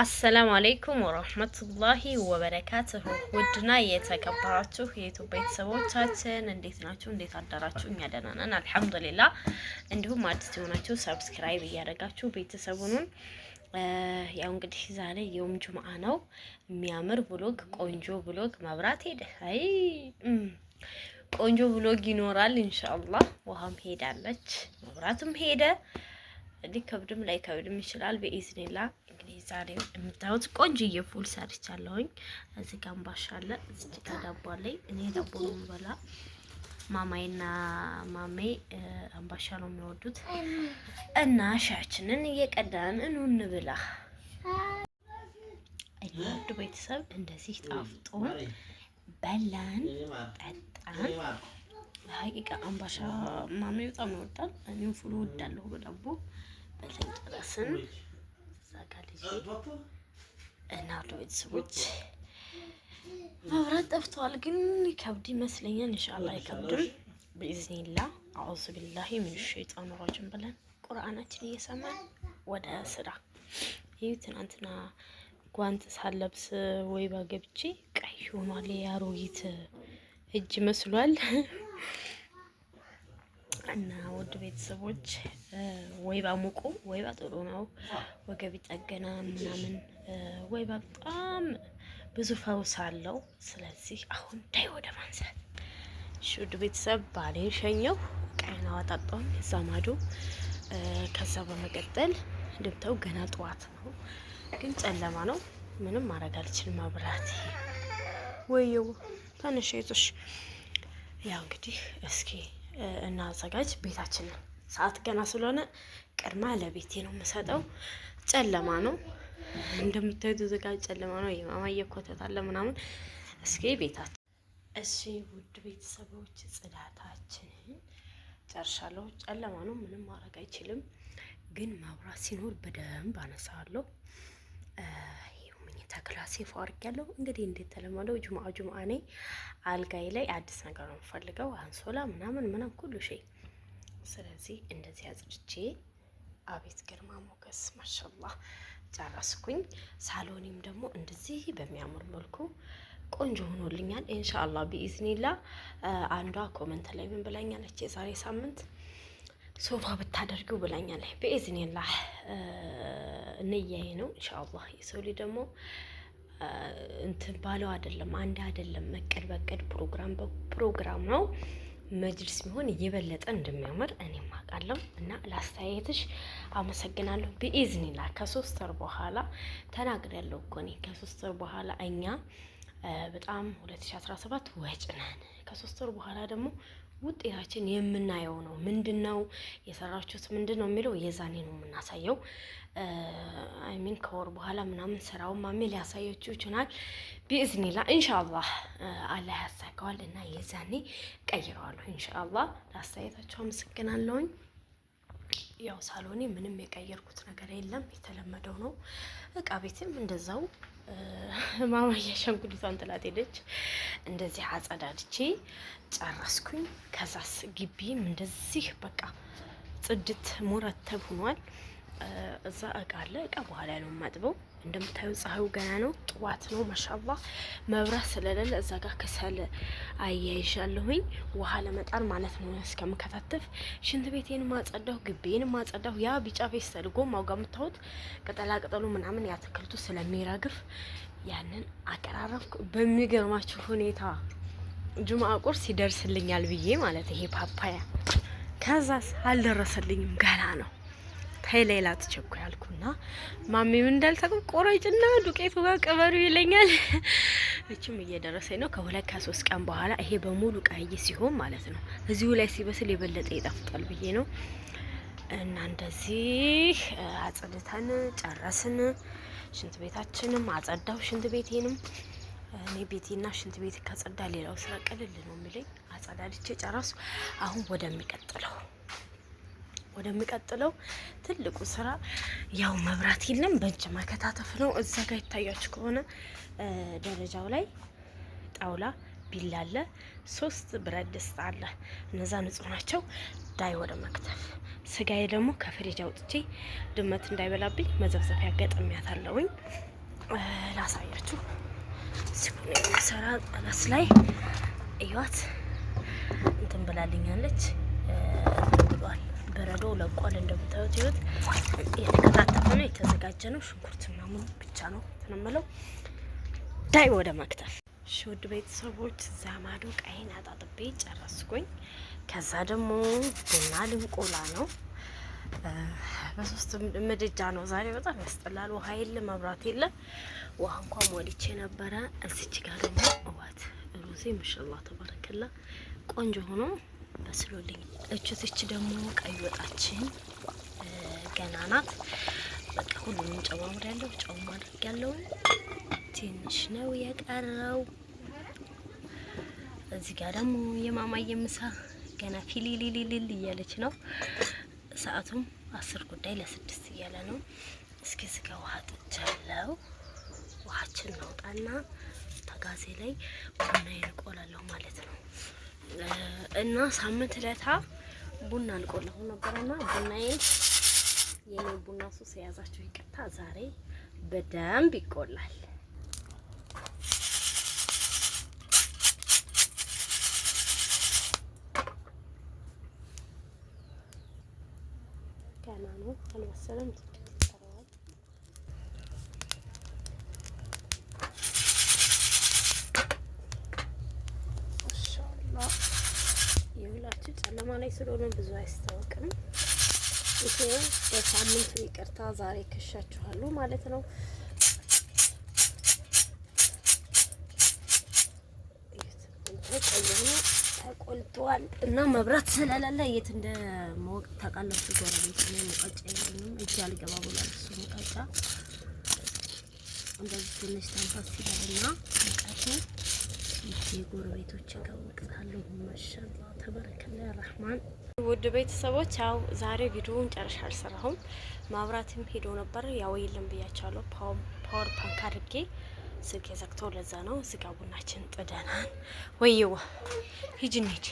አሰላሙ አሌይኩም ወረህመቱላሂ ወበረካትሁ ውድና የተከበራችሁ የኢትዮ ቤተሰቦቻችን እንዴት ናችሁ? እንዴት አዳራችሁ? እኛ ደህና ነን አልሐምዱሊላ። እንዲሁም አዲስ የሆናችሁ ሰብስክራይብ እያደረጋችሁ ቤተሰቡንም ያው እንግዲህ ዛሬ የውም ጁምአ ነው። የሚያምር ብሎግ፣ ቆንጆ ብሎግ መብራት ሄደ። አይ ቆንጆ ብሎግ ይኖራል ኢንሻአላህ። ውሃም ሄዳለች፣ መብራትም ሄደ። ሊከብድም ላይከብድም ይችላል። በኢዝኒላ እንግዲህ ዛሬው የምታዩት ቆንጆዬ ፉል ሰርቻለሁኝ። እዚህ ጋር አምባሻ አለ፣ እዚህ ጋር ዳቦ አለኝ። እኔ ዳቦ ነው የምበላ። ማማይና ማሜ አምባሻ ነው የሚወዱት እና ሻያችንን እየቀዳን እኑ እንብላ። እኔ ወዱ ቤተሰብ እንደዚህ ጣፍጦ በላን ጠጣን። ሀቂቃ አምባሻ ማሜ በጣም ይወዳል። እኔም ፉል እወዳለሁ በዳቦ አይተን ጨረስን። እዛ ቤተሰቦች መብራት ጠፍተዋል፣ ግን ይከብድ ይመስለኛል። እንሻላ አይከብድም ብኢዝኒላ አዑዙ ቢላሂ ምን ሸይጣን ራጅም ብለን ቁርአናችን እየሰማን ወደ ስራ። ይህ ትናንትና ጓንት ሳለብስ ወይ ባገብቼ ቀይ ሆኗል። የአሮጊት እጅ መስሏል። እና ውድ ቤተሰቦች ወይ ባሙቁ ወይ ጥሩ ነው። ወገብ ጠገና ምናምን ወይ በጣም ብዙ ፈውስ አለው። ስለዚህ አሁን ዳይ ወደ ማንሳት ውድ ቤተሰብ ባሌ ሸኘው ቀይና አጣጣም እዛ ከዛ በመቀጠል ድምተው ገና ጠዋት ነው፣ ግን ጨለማ ነው። ምንም ማድረግ አልችልም። መብራት ወይዬ ተነሽ፣ ያው እንግዲህ እስኪ እናዘጋጅ ቤታችንን። ሰዓት ገና ስለሆነ ቅድማ ለቤቴ ነው የምሰጠው። ጨለማ ነው እንደምታዩት፣ ዘጋ ጨለማ ነው። የማማ እየኮተት አለ ምናምን። እስኪ ቤታችን እሺ፣ ውድ ቤተሰቦች ጽዳታችንን ጨርሻለሁ። ጨለማ ነው፣ ምንም ማድረግ አይችልም። ግን መብራት ሲኖር በደንብ አነሳለሁ። ተክላሴ ፏርቅ ያለው እንግዲህ እንደተለመደው ጁምአ ጁምአ ነኝ። አልጋይ ላይ አዲስ ነገር ነው የምፈልገው፣ አንሶላ ምናምን ምናም ሁሉ ሸይ። ስለዚህ እንደዚህ አጽድቼ አቤት ግርማ ሞገስ ማሻላ ጨረስኩኝ። ሳሎኔም ደግሞ እንደዚህ በሚያምር መልኩ ቆንጆ ሆኖልኛል። ኢንሻአላህ ቢኢዝኒላ። አንዷ ኮመንት ላይ ምን ብላኛለች የዛሬ ሳምንት ሶፋ ብታደርገው ብላኛለህ። በኢዝኒላህ ንያዬ ነው ኢንሻአላህ። የሰው ልጅ ደግሞ እንትን ባለው አይደለም አንድ አይደለም መቀድ በቀድ ፕሮግራም ፕሮግራም ነው መጅልስ ቢሆን እየበለጠ እንደሚያምር እኔም አውቃለሁ። እና ለአስተያየትሽ አመሰግናለሁ። በኢዝኒላህ ከሶስት ወር በኋላ ተናግር እኮ እኔ ከሶስት ወር በኋላ እኛ በጣም ሰባት ወጭ ነን። ከሶስት ወር በኋላ ደግሞ ውጤታችን የምናየው ነው። ምንድን ነው የሰራችሁት፣ ምንድን ነው የሚለው የዛኔ ነው የምናሳየው። አይሚን ከወር በኋላ ምናምን ስራው ማሜ ሊያሳየች ይችናል። ቢእዝኒላ ኢንሻአላህ አላህ ያሳካዋል እና የዛኔ ቀይረዋለሁ። ኢንሻአላህ ለአስተያየታችሁ አመሰግናለሁኝ። ያው ሳሎኔ ምንም የቀየርኩት ነገር የለም፣ የተለመደው ነው። እቃ ቤትም እንደዛው ማማዬ አሻንጉሊቷን ጥላት ሄደች። እንደዚህ አጸዳድቼ ጨረስኩኝ። ከዛስ ግቢም እንደዚህ በቃ ጽድት ሙረተብ ሆኗል። እዛ እቃ አለ። እቃ በኋላ ያለውን ማጥበው እንደምታዩ ፀሐዩ ገና ነው፣ ጥዋት ነው። ማሻላ መብራት ስለሌለ እዛ ጋር ከሰል አያይዣለሁኝ ውሃ ለመጣል ማለት ነው። እስከምከታተፍ ሽንት ቤቴን ማጸዳሁ፣ ግቤን ማጸዳሁ። ያ ቢጫ ፌስታል ጎማው ጋር የምታዩት ቅጠላ ቅጠሉ ምናምን የአትክልቱ ስለሚረግፍ ያንን አቀራረብኩ በሚገርማችሁ ሁኔታ ጁምአ ቁርስ ይደርስልኛል ብዬ ማለት ይሄ ፓፓያ ከዛስ አልደረሰልኝም ገና ነው። ተይ ሌላ አትቸኩ ያልኩና ማሚም እንዳልታቀም ቆረጭና ዱቄቱ ጋር ቅበሩ ይለኛል። እችም እየደረሰኝ ነው። ከሁለት ከሶስት ቀን በኋላ ይሄ በሙሉ ቀይ ሲሆን ማለት ነው እዚሁ ላይ ሲበስል የበለጠ ይጣፍጣል ብዬ ነው። እና እንደዚህ አጽድተን ጨረስን። ሽንት ቤታችንም አጸዳው። ሽንት ቤቴንም እኔ ቤቴና ሽንት ቤት ካጸዳ ሌላው ስራ ቀልል ነው የሚለኝ። አጸዳድቼ ጨረሱ። አሁን ወደሚቀጥለው ወደሚቀጥለው ትልቁ ስራ ያው መብራት የለም፣ በእጅ መከታተፍ ነው። እዛ ጋር ይታያችሁ ከሆነ ደረጃው ላይ ጣውላ ቢላ አለ፣ ሶስት ብረት ድስት አለ። እነዛ ንጹህ ናቸው። ዳይ ወደ መክተፍ። ስጋዬ ደግሞ ከፍሪጅ አውጥቼ ድመት እንዳይበላብኝ መዘብዘፊያ ገጠሚያት ላሳያችሁ ሲሆን የሚሰራ ጠለስ ላይ እያት እንትን ብላልኛለች ብሏል በረዶ ለቋል። እንደምታዩት ይሁት የተከታተፈ ነው የተዘጋጀ ነው። ሽንኩርት ምናምን ብቻ ነው ተነመለው ዳይ ወደ መክተፍ ሽውድ ቤተሰቦች ዛማዶ ቀይን አጣጥቤ ጨረስኩኝ። ከዛ ደግሞ ቡና ልንቆላ ነው። በሶስት ምድጃ ነው ዛሬ። በጣም ያስጠላል። ውሃ የለ መብራት የለ። ውሃ እንኳን ሞልቼ ነበረ። እዚች ጋር ደግሞ እዋት ሩዜ ምሽላ ተባረከላ ቆንጆ ሆኖ በስሎልኝ እችትች ደግሞ ቀይ ወጣችን ገና ናት። በቃ ሁሉንም ጨማምር ያለው ጨው ማድረግ ያለው ትንሽ ነው የቀረው። እዚህ ጋር ደግሞ የማማዬ ምሳ ገና ፊሊሊሊሊል እያለች ነው። ሰዓቱም አስር ጉዳይ ለስድስት እያለ ነው። እስኪ ስጋ ውሃ ጥቻለው። ውሃችን ነውጣና ተጋዜ ላይ ቡና ይቆላለሁ ማለት ነው። እና ሳምንት ለታ ቡና አልቆለሁ ነበርና ቡናዬ የኔ ቡና ሱስ የያዛቸው ይቅርታ፣ ዛሬ በደንብ ይቆላል። ገና ነው አልመሰለም። ስለሆነ ብዙ አያስታውቅም። ይሄው በሳምንቱ ይቅርታ ዛሬ ከሻችኋሉ ማለት ነው። ተቆልተዋል እና መብራት ስለሌለ የት እንደ መወቅ ታውቃላችሁ። ጎረቤት እኔ ሙቀጫ የለኝም እጅ አልገባ ብሏል። እሱ ሙቀጫ እንደዚህ ትንሽ ተንፋስ ሲላል እና ሙቀቱ ጎረቤቶች ይታወቅታሉ። ማሻላ ተበረከላ ረህማን ውድ ቤተሰቦች ያው ዛሬ ቪዲዮውን ጨርሻ አልሰራሁም። ማብራትም ሄዶ ነበር ያው የለም ብያቸዋለሁ። ፓወር ፓንክ አድርጌ ስልክ የዘግተው ለዛ ነው። ስጋ ቡናችን ጥደናን ወይዋ ሂጅን ሂጅ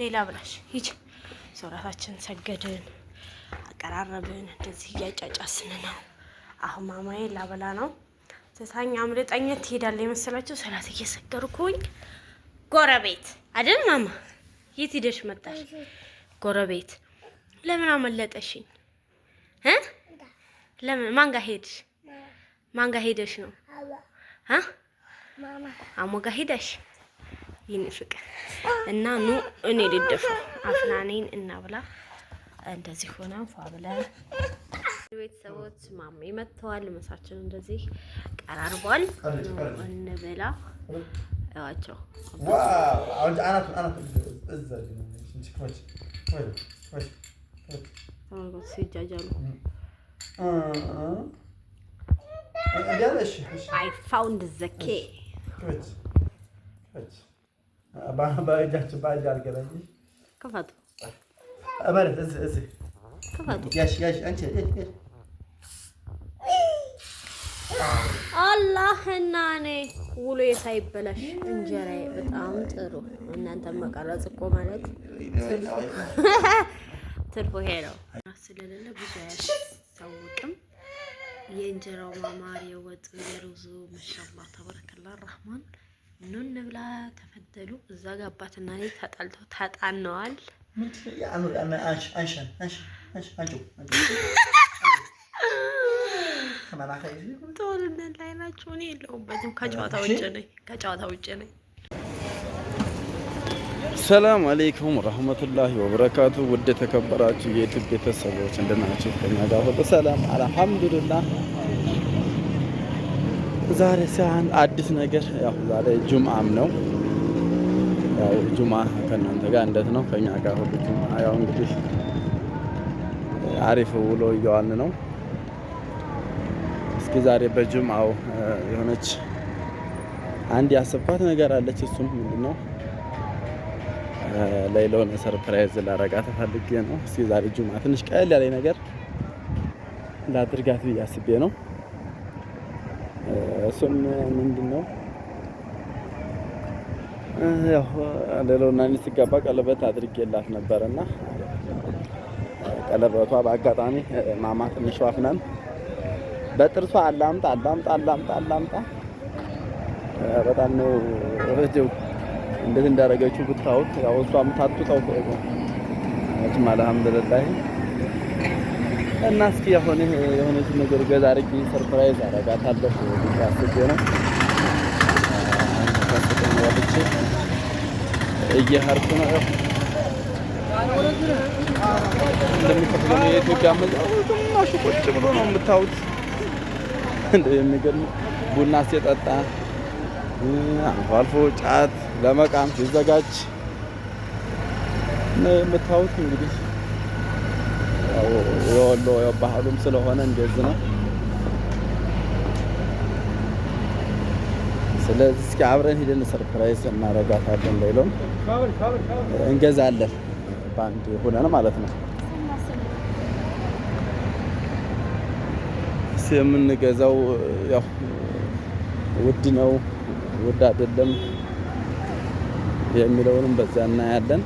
ሌላ ብላሽ ሂጅ ሶራታችን ሰገድን አቀራረብን እንደዚህ እያጫጫስን ነው። አሁን ማማዬ ላበላ ነው። ትታኝ አምልጠኛ ትሄዳለ የመሰላቸው ሰላት እየሰገርኩኝ ጎረቤት አይደል ማማ የት ሂደሽ መጣሽ? ጎረቤት ለምን አመለጠሽኝ? እ ለምን ማንጋ ሄድሽ? ማንጋ ሄደሽ ነው? አ አሞ አሞጋ ሄደሽ ይህን ፍቅር እና ኑ እኔ ልደፋ አፍናኔን እናብላ እንደዚህ ሆነ ፏ ብለን ቤተሰቦች ማሜ መጥተዋል። ምሳችን እንደዚህ ቀራርቧል። እንበላ እዋቸው ሲጃጃሉ አይ ፋውንድ ዘኬ ክፈቱ አላህና እኔ ውሎ ሳይበላሽ እንጀራ በጣም ጥሩ። እናንተ መቀረጽ እኮ ማለት ትርፉ ይሄ ነው ስለሌለ ብዙ አያስታውቅም። የእንጀራው ማማር፣ የወጥ የሩዙ ማሻላ ተበረከላ ራህማን ኑ እንብላ ተፈደሉ። እዛ ጋ አባትና እኔ ተጣልተው ተጣነዋል። ጦርነት ላይ ናቸው። እኔ የለሁበትም። ከጨዋታ ውጭ ነኝ። ከጨዋታ ውጭ ነኝ። ሰላም አሌይኩም ረህመቱላሂ ወበረካቱ። ውድ የተከበራችሁ የዩቲዩብ ቤተሰቦች እንደናችሁ? ከኛ ጋር ሁሉ ሰላም አልሐምዱሊላህ። ዛሬ ሲያን አዲስ ነገር ያው ዛሬ ጁምአም ነው። ያው ጁምአ ከእናንተ ጋር እንደት ነው? ከኛ ጋር ሁሉ ጁምአ ያው እንግዲህ አሪፍ ውሎ እየዋልን ነው እስኪ ዛሬ በጅምአው የሆነች አንድ ያሰብኳት ነገር አለች። እሱም ምንድን ነው ላይ ለሆነ ሰርፕራይዝ ላረጋት ፈልጌ ነው። እስኪ ዛሬ ጅምአ ትንሽ ቀለል ያለ ነገር ላድርጋት ብዬ አስቤ ነው። እሱም ምንድን ነው ያው ሌላውና እኔ ስጋባ ቀለበት አድርጌላት ነበርና ቀለበቷ በአጋጣሚ ማማ ትንሽ አፍናን በጥርሷ አላምጣ አላምጣ አላምጣ አላምጣ በጣም ነው ረጀው። እንዴት እንዳደረገችው ብታውት ያው እሷ ታጡጣው ቆይቆ እችም አልሐምዱሊላህ። እና እስኪ የሆነ የሆነች ነገር ገዛ አድርጊ ሰርፕራይዝ አደርጋታለሁ አስቤ ነው ታስተቀምዋለች እየሄድኩ ነው እንደሚከፍለው የኢትዮጵያ መዛው ግማሹ ቁጭ ብሎ ነው የምታዩት። የሚገርም ቡና ሲጠጣ አልፎ አልፎ ጫት ለመቃም ሲዘጋጅ የምታዩት እንግዲህ የወሎ ባህሉም ስለሆነ እንደዚህ ነው። ስለዚህ እስኪ አብረን ሂደን ሰርፕራይዝ እናረጋታለን። ሌሎም እንገዛለን በአንድ ሁነን ማለት ነው። ልብስ የምንገዛው ያው ውድ ነው ውድ አይደለም የሚለውንም በዛ እናያለን።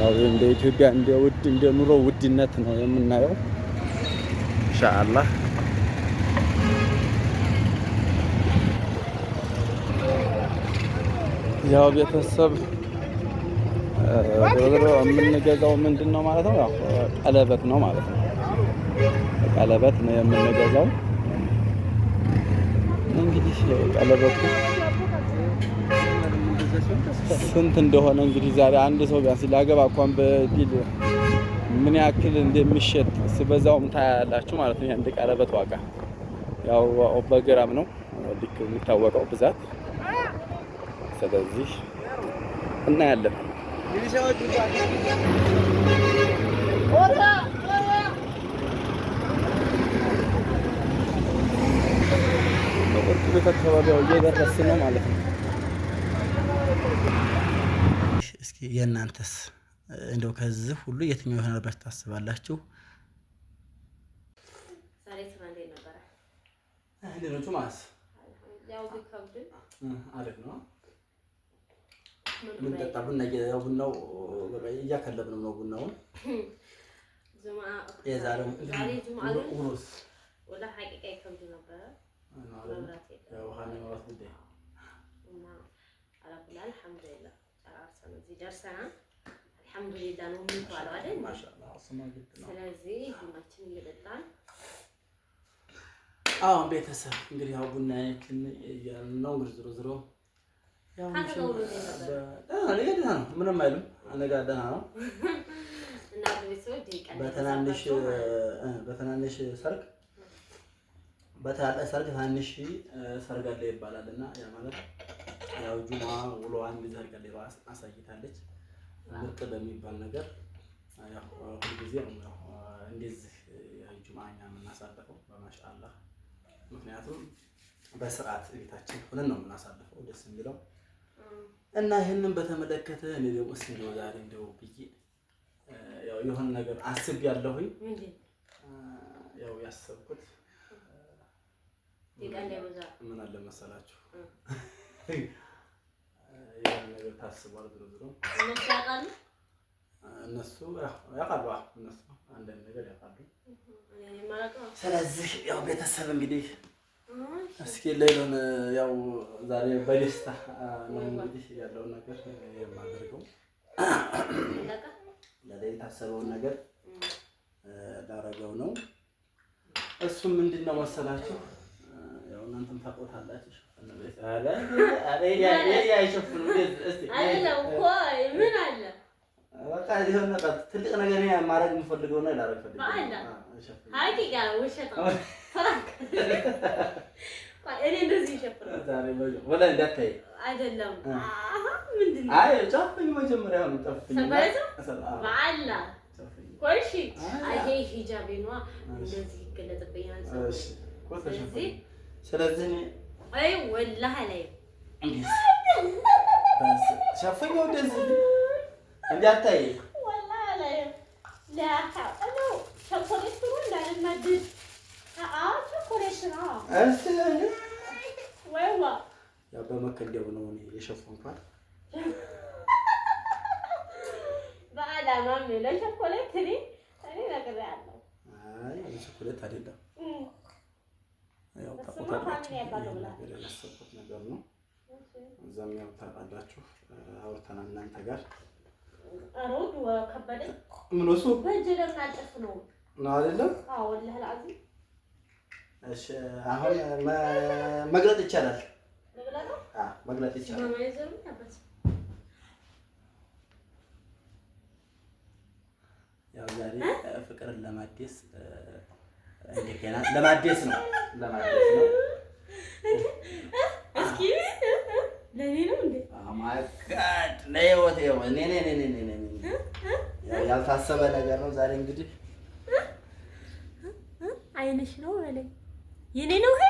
ያው እንደ ኢትዮጵያ እንደ ውድ እንደ ኑሮ ውድነት ነው የምናየው። ኢንሻአላህ ያው ቤተሰብ ብሎ የምንገዛው ምንድን ነው ማለት ነው፣ ያው ቀለበት ነው ማለት ነው። ቀለበት ነው የምንገዛው። እንግዲህ ቀለበቱ ስንት እንደሆነ እንግዲህ ዛሬ አንድ ሰው ቢያንስ ሲላገባ እንኳን በቢል ምን ያክል እንደሚሸጥ ስበዛውም ታያላችሁ ማለት ነው። የአንድ ቀለበት ዋጋ ያው በግራም ነው ልክ የሚታወቀው ብዛት። ስለዚህ እናያለን። እርቅ ቤት አካባቢ እየደረስ ነው ማለት ነው። እስኪ የእናንተስ እንደው ከዚህ ሁሉ የትኛው ይሆናል ብላችሁ ታስባላችሁ? ሌሎቹ ማለት አሪፍ ነው። ምን ጠጣ? ቡና ያው ቡናው እያከለብንም ነው ቡናውን የዛሬው ውሃና መብራት ጉዳይ አላኩላ አልሐምዱሊላ ጨራርሰን እዚህ ቤተሰብ እንግዲህ ያው ቡና እያልን ነው። እንግዲህ ዝሮ ዝሮ ደህና ነው፣ ምንም አይልም። አነጋ ደህና ነው። በትናንሽ ሰርግ በታላቅ ሰርግ ትናንሽ ሰርግ አለ ይባላል እና ያ ማለት ያው ጁማ ውሎዋን አንድ ሰርግ አለ አሳይታለች። ምርጥ በሚባል ነገር ያው ሁልጊዜ ያው እንደዚህ ጁማ እኛ የምናሳልፈው በማሻአላህ ምክንያቱም በስርዓት ቤታችን ሆነን ነው የምናሳልፈው ደስ የሚለው እና ይህንን በተመለከተ እኔ ደግሞ እስኪ እንደው ዛሬ እንደው ብዬ ያው የሆነ ነገር አስቤያለሁኝ ያው ያሰብኩት ምን አለ መሰላችሁ ያን ነገር ታስቧል። ብሎ ብሎ እነሱ ያውቃሉ፣ እነሱ አንዳንድ ነገር ያውቃሉ። ስለዚህ ያው ቤተሰብ እንግዲህ እስኪ ሌሎን ያው ዛሬ በደስታ ነው እንግዲህ ያለውን ነገር የማደርገው የታሰበውን ነገር ላደርገው ነው። እሱም ምንድን ነው መሰላችሁ እናንተም ታውቃላችሁ። ምን አለ በቃ ይሁን ነበር። ትልቅ ነገር ማድረግ የምፈልገው ነው ላረግ ፈልገው ስለዚህ አይ ወላሂ ላይ ሸፈኝ ወደዚህ እንዳታይ በመከንደው ነው የሸፈንኳት በአላማም ለሸኮሌት እኔ እኔ ነግሬሃለሁ። አይ ሸኮሌት አይደለም ያው ታውቃላችሁ ነገር ነው። እዛም ያው ታውቃላችሁ አውርተን እናንተ ጋር ምን ነው አይደለም። እሺ አሁን መግለጥ ይቻላል፣ መግለጥ ይቻላል። ያው ዛሬ ፍቅርን ለማደስ እንደገና ለማደስ ነው ለማደስ ነው። እስኪ ለኔ ነው እንዴ? አማካድ ለህይወት ነው። እኔ እኔ እኔ እኔ ያልታሰበ ነገር ነው ዛሬ እንግዲህ አይንሽ ነው በለኝ። የኔ ነው ይሄ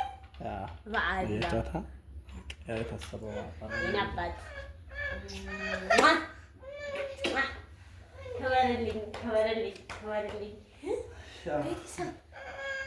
በአላ ያልታሰበ አባት ተበረልኝ ተበረልኝ ተበረልኝ ቤተሰብ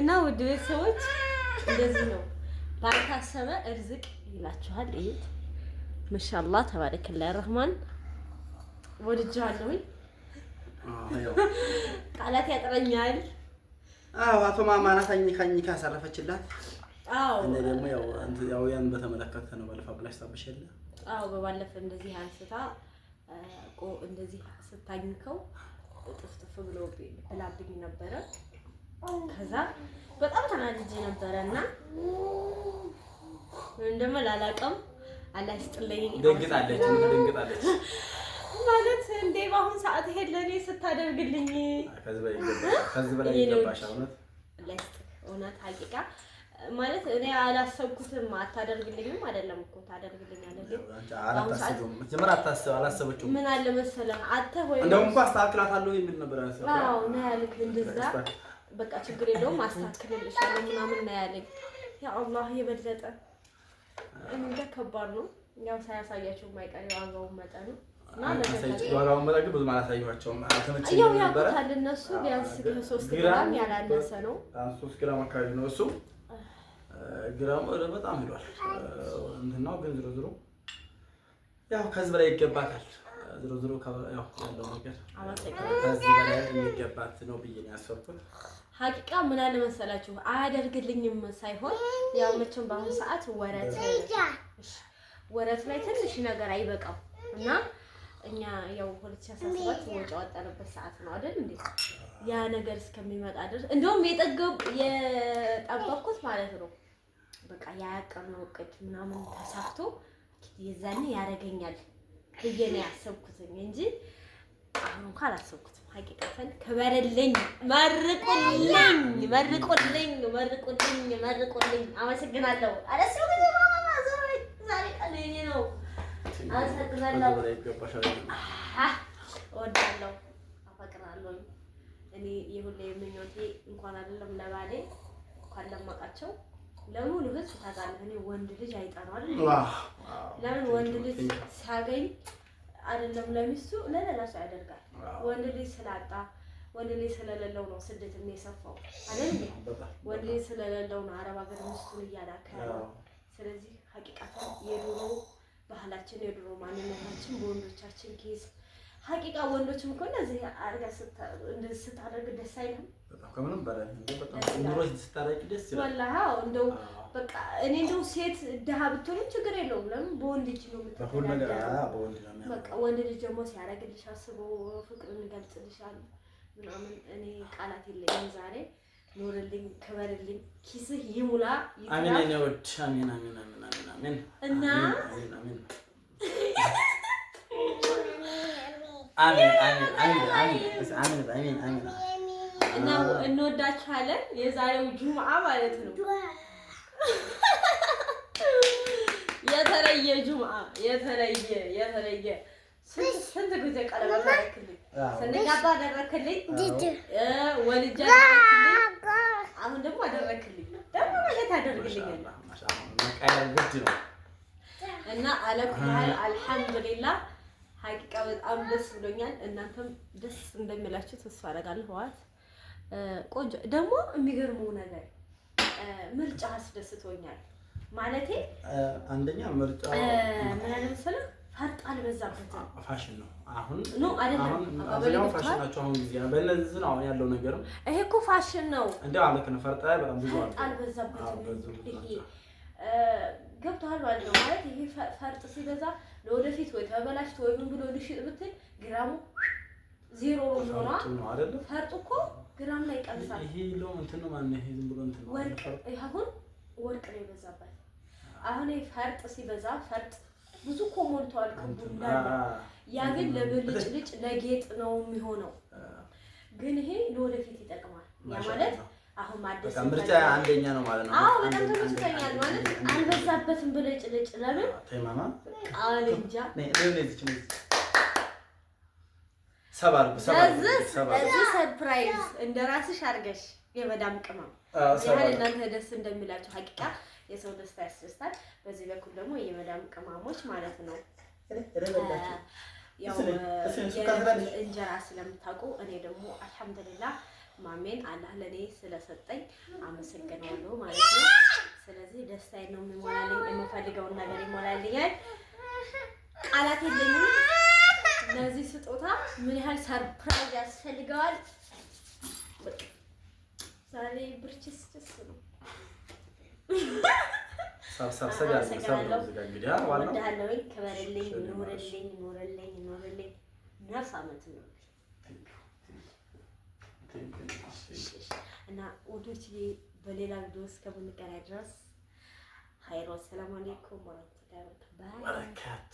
እና ውድ ቤት ሰዎች እንደዚህ ነው። ባልታሰበ እርዝቅ ይላችኋል። እይት ማሻአላ ተባረከላ ረህማን ወድጃለሁኝ። ቃላት ያጥረኛል። አዎ አቶ ማማናት አኝካ ያሳረፈችላት። አዎ እኔ ደግሞ ያው ያው ያን በተመለከተ ነው። ባለፈው ብላሽ ታበሽ አዎ በባለፈ እንደዚህ አንስታ እኮ እንደዚህ ስታኝከው ጥፍጥፍ ብለውብኝ ብላብኝ ነበረ። ከዛ በጣም ተናድጄ ነበረ እና እንደም አላላቀም አላህ ደንግጣለች ደንግጣለች ማለት እንዴ በአሁን ሰዓት ሄድ ለኔ ስታደርግልኝ ከዚህ በላይ ይገባሻል። እውነት አላህ እውነት ሀቂቃ ማለት እኔ አላሰብኩትም። አታደርግልኝም አይደለም እኮ ታደርግልኛለህ። ምን አለ መሰለህ አተህ ወይ እንደውም እንኳን አስተካክላታለሁ የሚል ነበር። አዎ ነው ያልክ። እንደዛ በቃ ችግር የለውም አስተካክልልሻለሁ ምናምን ነው ያለኝ። ያ አላህ የበለጠ እንደ ከባድ ነው ያው ሳያሳያቸው የማይቀር የዋጋው መጠኑ ዋጋውን መጠን ግን ብዙም አላሳየኋቸውም። ያው ያውቁታል እነሱ ቢያንስ ሶስት ግራም ያላነሰ ነው ሶስት ግራም አካባቢ ነው እሱ ግራሙ በጣም ሄዷል። እንትናው ግን ዝሮ ዝሮ ያው ከዚህ በላይ ይገባታል። ዝሮ ዝሮ ያው ያለው ነገር ከዚህ በላይ የሚገባት ነው ብዬ ነው ያሰብኩት። ሀቂቃ ምን አለ መሰላችሁ አያደርግልኝም ሳይሆን ያው መቼም በአሁኑ ሰዓት ወረት ወረት ላይ ትንሽ ነገር አይበቃም እና እኛ ያው 2017 ወጪ ያወጣንበት ሰዓት ነው አይደል እንዴ? ያ ነገር እስከሚመጣ ድረስ እንደውም የጠገብ የጠበቅኩት ማለት ነው በቃ ያቀኑ እቅድ ምናምን ተሳክቶ የዛኔ ያደርገኛል ብዬ ነው ያሰብኩትኝ እንጂ አሁን እንኳን አላሰብኩትም። ሀቂቃተን ከበረልኝ፣ መርቁልኝ፣ መርቁልኝ፣ መርቁልኝ፣ መርቁልኝ። አመሰግናለሁ። አለሱ ዛሬ ቀን ነው። አመሰግናለሁ። እወዳለሁ፣ አፈቅራለሁ። እኔ የሁሌ ምኞቴ እንኳን አይደለም ለባሌ እንኳን ለማውቃቸው ለሙሉ ህዝብ ታውቃለህ። እኔ ወንድ ልጅ አይጠራው አይደል? ለምን ወንድ ልጅ ሲያገኝ አይደለም ለሚስቱ ለሌላ ሰው ያደርጋል። ወንድ ልጅ ስላጣ ወንድ ልጅ ስለሌለው ነው ስደት የሚሰፋው አይደል? ወንድ ልጅ ስለሌለው ነው አረብ ሀገር ሚስቱን እያላከ ያለው። ስለዚህ ሀቂቃታ የድሮ ባህላችን የድሮ ማንነታችን በወንዶቻችን ኬስ ሀቂቃ ወንዶችም እኮ እንደዚህ አድርጋ ስታደርግ ደስ አይልም። ከምንም በላይ ስታደርግ ደስ ይላል። እንደው በቃ እኔ እንደው ሴት ድሀ ብትሆኑ ችግር የለውም። ለምን በወንድ ልጅ ነው ወንድ ልጅ ደግሞ ሲያደርግልሽ አስቦ ፍቅሩን ይገልጽልሻል ምናምን። እኔ ቃላት የለኝም ዛሬ። ኑርልኝ፣ ክበርልኝ፣ ኪስህ ይሙላ። አሜን። እና እና እንወዳችኋለን። የዛሬው ጁምአ ማለት ነው የተለየ ጁምአ የተለየ የተለየ ስንት ጊዜ ቀለበት አደረክልኝ፣ ስንጋባ አደረክልኝ፣ ወልጄ አደረክልኝ፣ አሁን ደግሞ አደረክልኝ። ደግሞ መቼ ታደርግልኛለህ? እና አለኩል አልሐምዱሊላህ ሀቂቃ በጣም ደስ ብሎኛል። እናንተም ደስ እንደሚላችሁ ተስፋ አደርጋለሁ። ህዋት ቆንጆ ደግሞ የሚገርመው ነገር ምርጫ አስደስቶኛል። ማለቴ አንደኛ ምርጫ ምን አለ መሰለህ ፈርጥ አልበዛበትም። ፋሽን ነው አሁን ነው አይደለም? አሁን ፋሽን ናቸው። አሁን ጊዜ በእነዚህ ነው አሁን ያለው ነገር ይሄ እኮ ፋሽን ነው። እንደ አለክ ነው ፈርጥ በጣም ብዙ አልበዛበትም። ገብቶሃል ማለት ነው። ማለት ይሄ ፈርጥ ሲበዛ ለወደፊት ወይ ተበላሽቶ ወይ ምን ብሎ ልሽጥ ብትል ግራሙ ዜሮ ሆኗ ፈርጥ እኮ ግራም ላይ ይቀንሳል። ይሄ የለውም እንትን ነው ማለት ነው። ይሄ ዝም ብሎ እንትን ነው ወርቅ። አሁን ወርቅ ነው የበዛበት። አሁን ፈርጥ ሲበዛ ፈርጥ ብዙ እኮ ሞልቷል ክቡ እንዳለ። ያ ግን ለብልጭ ልጭ ለጌጥ ነው የሚሆነው። ግን ይሄ ለወደፊት ይጠቅማል ያ ማለት አሁን ምርጫ አንደኛ ነው ማለት ነው። አዎ በጣም ተመችቶኛል ማለት አልበዛበትም። ብለጭ ልጭ ለምን ተይ ቃል እንጃ ነይ ነይ ልጭ ነይ ሰባር ሰባር ለዚህ ሰርፕራይዝ እንደራስሽ አድርገሽ የመዳም ቅመም ያህል እናንተ ደስ እንደሚላቸው ሀቂቃ የሰው ደስታ ያስደስታል። በዚህ በኩል ደግሞ የመዳም ቅመሞች ማለት ነው ያው እንጀራ ስለምታውቁ እኔ ደግሞ አልሐምዱሊላህ ማሜን አላህ ለእኔ ስለሰጠኝ አመሰግናለሁ ማለት ነው። ስለዚህ ደስታዬ ነው የሚሞላልኝ፣ የምፈልገውን ነገር ይሞላልኛል። ቃላት የለኝም ለዚህ ስጦታ። ምን ያህል ሰርፕራይዝ ያስፈልገዋል። ዛሬ ብርችስችስ ነው። ሰብሰብሰብ ክበርልኝ፣ ኑርልኝ፣ ኑርልኝ፣ ኑርልኝ ነፍስ አመት ነው እና ውዶች በሌላ ቪዲዮ እስከምንገናኝ ድረስ ሀይሮ ሰላም አለይኩም ወበረካቱ።